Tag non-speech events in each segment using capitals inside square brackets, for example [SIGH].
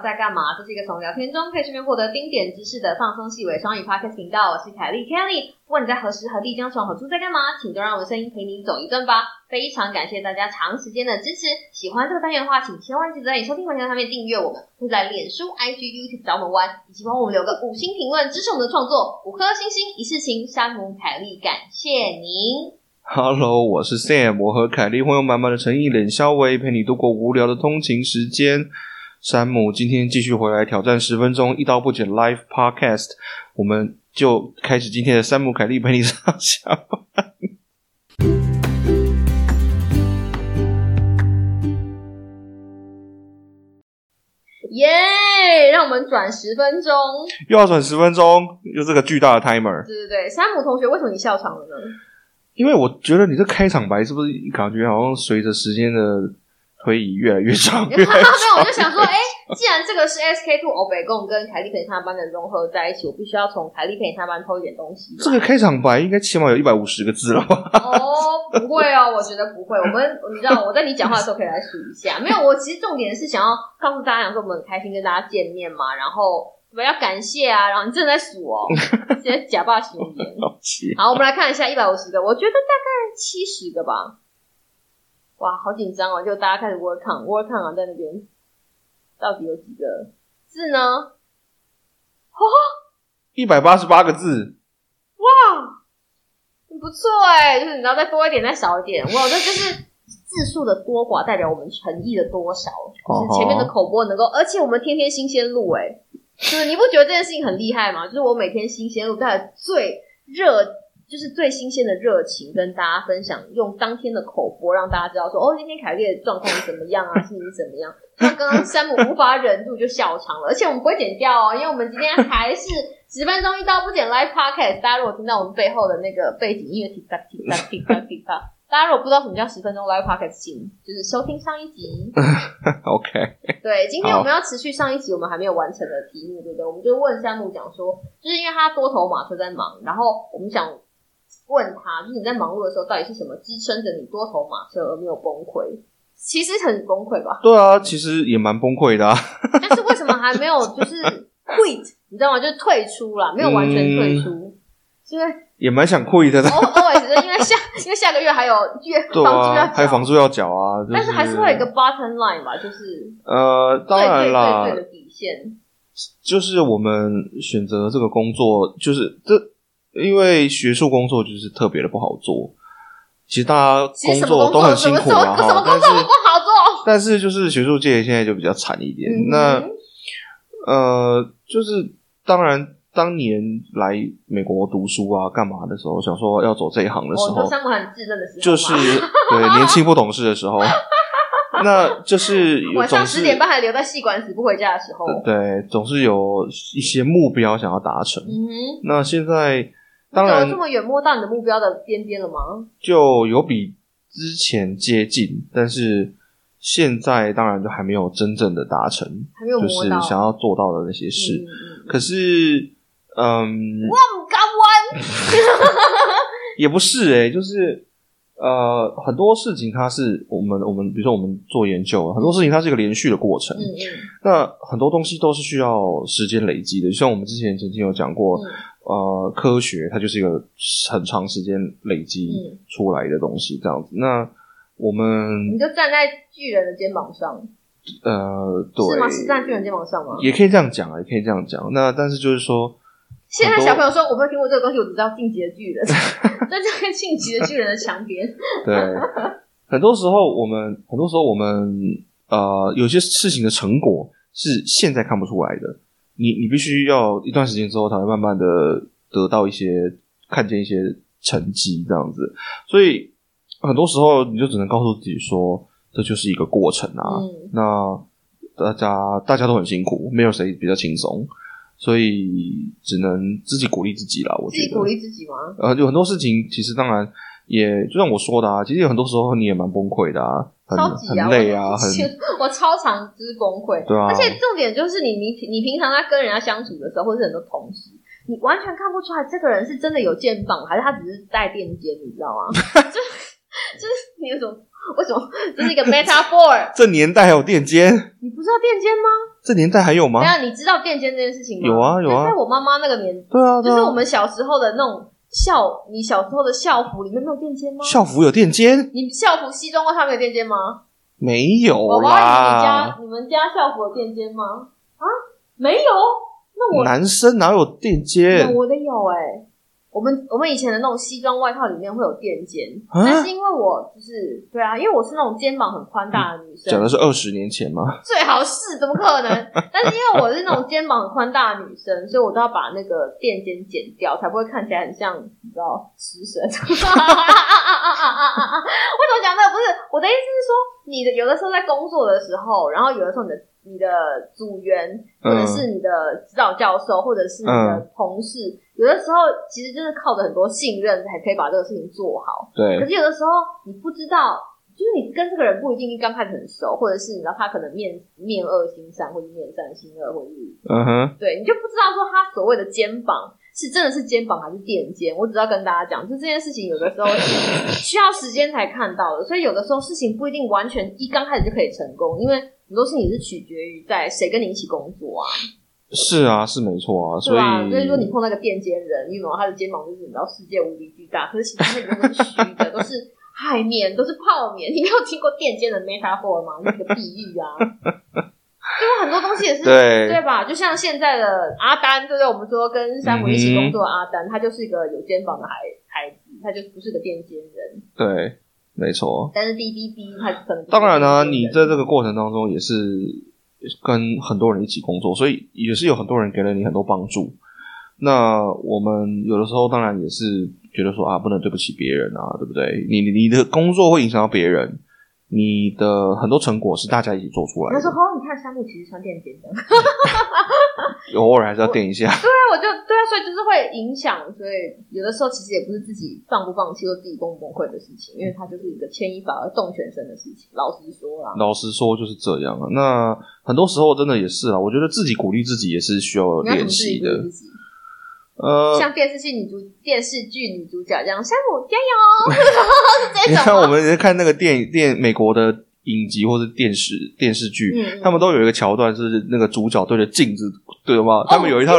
在幹嘛？這是一個從聊天中可以順便獲得丁點知識的放鬆細微雙語 podcast 頻道。我是凱莉 Kelly 問你在何時何地將從何處在幹嘛，請就讓我的聲音陪你走一段吧。非常感謝大家長時間的支持。喜歡這個單元的話，請千萬記得在收聽文章上面訂閱我們，或在臉書、IG、YouTube 找我們玩，以及幫我們留個五星評論支持我們的創作。五顆星星，一世情。山姆凱莉，感謝您。Hello，我是 Sam。我和凱莉會用滿滿的誠意、冷笑話陪你度過無聊的通勤時間。山姆，三今天繼續回來挑戰十分鐘一刀不剪 live podcast，我們就開始今天的山姆凱莉陪你上下班。耶！Yeah, 讓我們轉十分鐘，又要轉十分鐘，又是個巨大的 timer。對對對，山姆同學，為什麼你笑場了呢？因為我覺得你這開場白是不是感覺好像隨着時間的。推移，越來越長，沒有 [LAUGHS] 我就想說，哎、欸，既然這個是 S K Two 歐北共跟凱利佩他班的融合在一起，我必須要從凱利佩他班偷一點東西。這個開場白應該起碼有一百五十個字了吧？哦，不會哦，我覺得不會。我們你知道我在你講話的時候可以來數一下，沒有，我其實重點是想要告訴大家，想說我們很開心跟大家見面嘛，然後對吧？要感謝啊，然後你正在數哦，現在假把型中年。好，我們來看一下一百五十個，我覺得大概七十個吧。哇，好緊張哦！就大家開始 word count word count，啊，在那邊到底有幾個字呢？哈，哦，一百八十八個字。哇，不錯哎，就是你要再多一點，再少一點。哇，這就是字數的多寡代表我們誠意的多少。就是前面的口播能夠，哦，而且我們天天新鮮錄哎，就是你不覺得這件事情很厲害嗎？就是我每天新鮮錄，帶來最熱。就是最新鮮的熱情跟大家分享，用當天的口播讓大家知道說哦，今天凱莉的狀況怎麼樣啊？ [LAUGHS] 心情怎麼樣？他剛剛山姆無法忍住就笑場了，而且我們不會剪掉哦，因為我們今天還是十分鐘一刀不剪 live podcast。大家如果聽到我們背後的那個背景音樂 k k k 大家如果不知道什麼叫十分鐘 live podcast，請就是收聽上一集。 [LAUGHS] OK，對，今天我們要持續上一集我們還沒有完成的題目，對不對？我們就問山姆講說，就是因為他多頭馬車在忙，然後我們想。問他，就是你在忙碌的時候，到底是什麼支撐着你多頭馬車而沒有崩潰？其實很崩潰吧？對啊，其實也蠻崩潰的、啊。但是為什麼還沒有就是 [LAUGHS] quit？你知道嗎？就是退出了，沒有完全退出，因為、嗯、所以也蠻想 quit 的。哦、對、就是因為下，因為下個月還有月、啊、房租要，還有房租要繳啊。就是、但是還是會有一個 bottom line 吧，就是呃，當然啦，以以對對的底線就是我們選擇這個工作，就是這。因為學術工作就是特別的不好做，其實大家工作都很辛苦啊。什麼工作都不好做。但是就是學術界現在就比較慘一點。嗯、哼那呃，就是當然當年來美國讀書啊，幹嘛的時候，想說要走這一行的時候，很、哦、的時候，就是對年輕不懂事的時候。 [LAUGHS] 那就是，有總是晚上十點半還留在系館死不回家的時候，對，對，總是有一些目標想要達成。嗯哼，那現在。當然這麼遠，摸到你的目標的邊邊了嗎？就有比之前接近，但是現在當然就還沒有真正的達成，就是想要做到的那些事。嗯、可是，嗯、呃，哇，不甘心，也不是哎、欸，就是呃，很多事情它是我們我們比如說我們做研究，很多事情它是一個連續的過程，那、嗯、很多東西都是需要時間累積的，就像我們之前曾經有講過。嗯呃，科學它就是一個很長時間累積出來的東西，嗯、這樣子。那我們，你就站在巨人的肩膀上。呃，對，是嗎？是站在巨人肩膀上嗎？也可以這樣講啊，也可以這樣講。那但是就是說，現在小朋友說多我沒有聽過這個東西，我只知道進擊的巨人，那就跟進擊的巨人的強敵。對，很多時候我們，很多時候我們，呃，有些事情的成果是現在看不出來的。你你必須要一段時間之後，才會慢慢的得到一些、看見一些成績這樣子。所以很多時候，你就只能告訴自己說，這就是一個過程啊。嗯、那大家大家都很辛苦，沒有誰比較輕鬆，所以只能自己鼓勵自己啦。我覺得。自己鼓勵自己嗎？呃，有很多事情，其實當然。也就像我說的啊，其實有很多時候你也蠻崩潰的啊，超級、啊、累啊，很我超常之崩潰。對啊，而且重點就是你你你平常在跟人家相處的時候，或者是很多同事，你完全看不出來這個人是真的有肩膀還是他只是帶墊肩，你知道嗎？ [LAUGHS] 就是、就是、你有什麼為什麼這是一個 metaphor？ [LAUGHS] 這年代還有墊肩？你不知道墊肩嗎？這年代還有嗎？沒有、啊，你知道墊肩這件事情嗎？有啊有啊，有啊，在我媽媽那個年代啊，對啊，就是我們小時候的那種。校，你小時候的校服裡面沒有墊肩嗎？校服有墊肩。你校服西裝外套沒有墊肩嗎？沒有呀。我媽以為你家你們家校服有墊肩嗎？啊，沒有。那我男生哪有墊肩？我的有哎、欸。我們我們以前的那種西裝外套裡面會有墊肩，啊、但是因為我就是對啊，因為我是那種肩膀很寬大的女生。講的是二十年前嗎？最好是怎麼可能？ [LAUGHS] 但是因為我是那種肩膀很寬大的女生，所以我都要把那個墊肩剪掉，才不會看起來很像你知道，死神。為什麼講這個？不是，我的意思是說，你的有的時候在工作的時候，然後有的時候你的。你的組員，或者是你的指導教授，嗯、或者是你的同事，嗯、有的時候其實就是靠着很多信任，才可以把這個事情做好。對。可是有的時候你不知道，就是你跟這個人不一定一剛開始很熟，或者是你知道他可能面面惡心善，或者是面善心惡，或者是嗯哼，對，你就不知道說他所謂的肩膀是真的是肩膀還是墊肩。我只要跟大家講，就是這件事情有的時候是需要時間才看到的，所以有的時候事情不一定完全一剛開始就可以成功，因為。很多事情是取決於在誰跟你一起工作啊。是啊，是沒錯啊。所以，所以說你碰到一個墊肩人，因為他的肩膀就是你知道世界無比巨大，可是其他那個都是虛的， [LAUGHS] 都是海綿，都是泡麵。你沒有聽過墊肩的 metaphor 嗎？那個比喻啊，就為 [LAUGHS] 很多東西也是對，對吧？就像現在的阿丹，對不對？我們說跟山姆一起工作，阿丹、嗯、哼他就是一個有肩膀的孩孩子，他就是不是個墊肩人。對。沒錯，但是滴滴滴還是很多。當然啊，你在這個過程當中也是跟很多人一起工作，所以也是有很多人給了你很多幫助。那我們有的時候當然也是覺得說啊，不能對不起別人啊，對不對？你你的工作會影響到別人。你的很多成果是大家一起做出來的。他說：“哦，你看，山姆其實穿墊肩的 [LAUGHS] [LAUGHS] 有偶爾還是要墊一下。”對啊，我就對啊，所以就是會影響，所以有的時候其實也不是自己放不放棄或自己崩不崩潰的事情，因為它就是一個牽一髮而動全身的事情。老實說啊，老實說就是這樣啊。那很多時候真的也是啊，我覺得自己鼓勵自己也是需要練習的。呃，像電視劇女主、電視劇女主角這樣，山姆加油！你看，我們看那個電影、電美國的影集或是電視電視劇，他、嗯、們都有一個橋段，是那個主角對着鏡子，對嗎？他、oh, 們有一套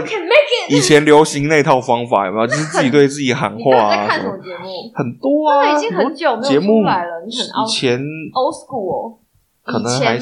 以前流行那套方法，有沒有？就是、自己對自己喊話、啊。 [LAUGHS] 看什麼節目什麼？很多啊，已經很久沒有節目出來了。你很 out, 以前 old school，以前可能還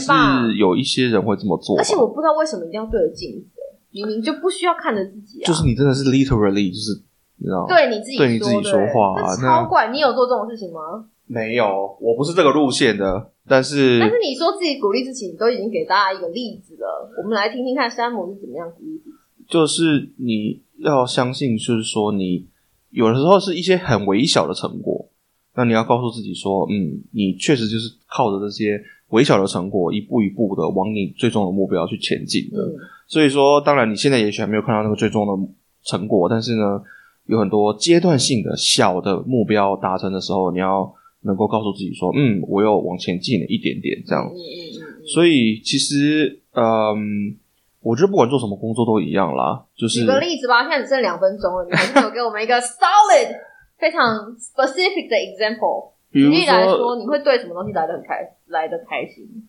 是有一些人會這麼做。而且我不知道為什麼一定要對着鏡。明明就不需要看着自己，啊。就是你真的是 literally，就是你知道，對你自己對你自己，對你自己說話，超怪！你你有做這種事情嗎？沒有，我不是這個路線的。但是但是你說自己鼓勵自己，你都已經給大家一個例子了。我們來聽聽看山姆是怎麼樣鼓勵。就是你要相信，就是說你有的時候是一些很微小的成果，那你要告訴自己說，嗯，你確實就是靠着這些。微小的成果，一步一步的往你最終的目標去前進的。嗯、所以說，當然你現在也許還沒有看到那個最終的成果，但是呢，有很多階段性的小的目標達成的時候，你要能夠告訴自己說：“嗯，我又往前進了一點點。”這樣。嗯嗯、所以其實，嗯，我覺得不管做什麼工作都一樣啦。就是舉個例子吧，現在只剩兩分鐘了，你能否給我們一個 solid、 [LAUGHS] 非常 specific 的 example？比如來說，你會對什麼東西來的很開，來的開心？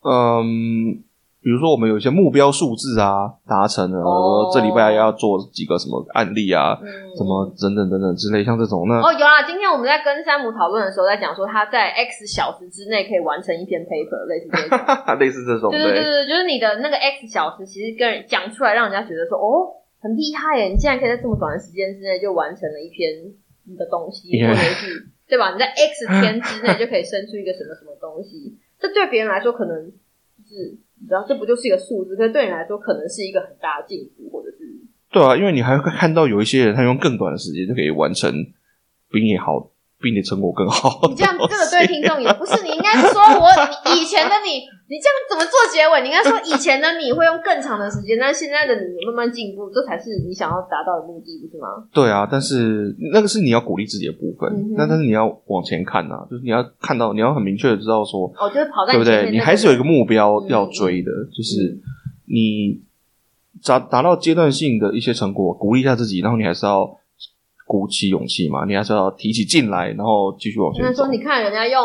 嗯，比如說我們有一些目標數字啊，達成了。哦、我說這禮拜要做幾個什麼案例啊，嗯、什麼等等等等之類，像這種呢？哦有啊。今天我們在跟山姆討論的時候，在講說他在 X 小時之內可以完成一篇 paper，類似這種， [LAUGHS] 類似這種。就是、對對對就是你的那個 X 小時，其實跟人講出來，讓人家覺得說哦，很厲害耶，你竟然可以在這麼短的時間之內就完成了一篇你的東西，或者是。對吧？你在 X 天之內就可以生出一個什麼什麼東西， [LAUGHS] 這對別人來說可能是，你知道，這不就是一個數字？但對你來說，可能是一個很大的進步，或者是。對啊，因為你還會看到有一些人，他用更短的時間就可以完成，比你好，比你的成果更好。你這樣這個對聽眾也不是，你應該說我以前的你。 [LAUGHS] [LAUGHS] 你這樣怎麼做結尾？你應該說以前的你會用更長的時間，那 [LAUGHS] 現在的你慢慢進步，這才是你想要達到的目的，不是嗎？對啊，但是那個是你要鼓勵自己的部分。那、嗯、哼但是你要往前看啊，就是你要看到，你要很明確的知道說，哦，就是跑到，對不對？你還是有一個目標要追的，嗯、就是你達達到階段性的一些成果，鼓勵一下自己，然後你還是要鼓起勇氣嘛，你還是要提起勁來，然後繼續往前。那說：“你看人家用。”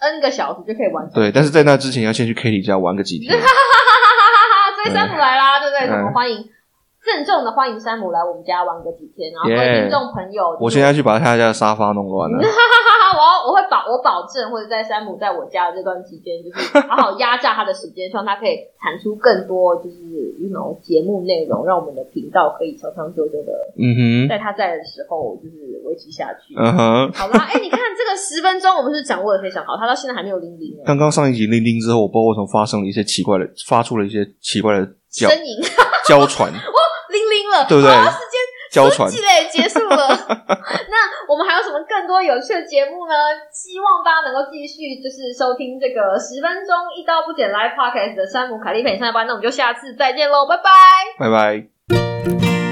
N 個小時就可以完成。對，但是在那之前要先去 Kitty 家玩個幾天。哈哈哈哈哈哈哈！所以山姆來啦，對不對？我們歡迎，鄭、嗯、重的歡迎山姆來我們家玩個幾天。Yeah, 然後歡迎聽眾朋友，我現在去把他家的沙發弄亂了。 [LAUGHS] 啊、我要我會保我保證，或者在山姆在我家的這段期間，就是好好壓榨他的時間， [LAUGHS] 希望他可以產出更多，就是那種 you know, 節目內容，讓我們的頻道可以長長久久的。嗯哼，在他在的時候，就是維持下去。嗯哼，好啦，哎、欸，你看這個十分鐘，我們是掌握的非常好，他到現在還沒有鈴鈴。剛剛上一集鈴鈴之後，包括從發生了一些奇怪的，發出了一些奇怪的聲音，嬌 [LAUGHS] 喘傳。我鈴鈴了，對不對，對？積累交結束了， [LAUGHS] 那我們還有什麼更多有趣的節目呢？希望大家能夠繼續就是收聽這個十分鐘一刀不剪 live podcast 的山姆凱莉陪你上班。那我們就下次再見嘍，拜拜，拜拜。拜拜。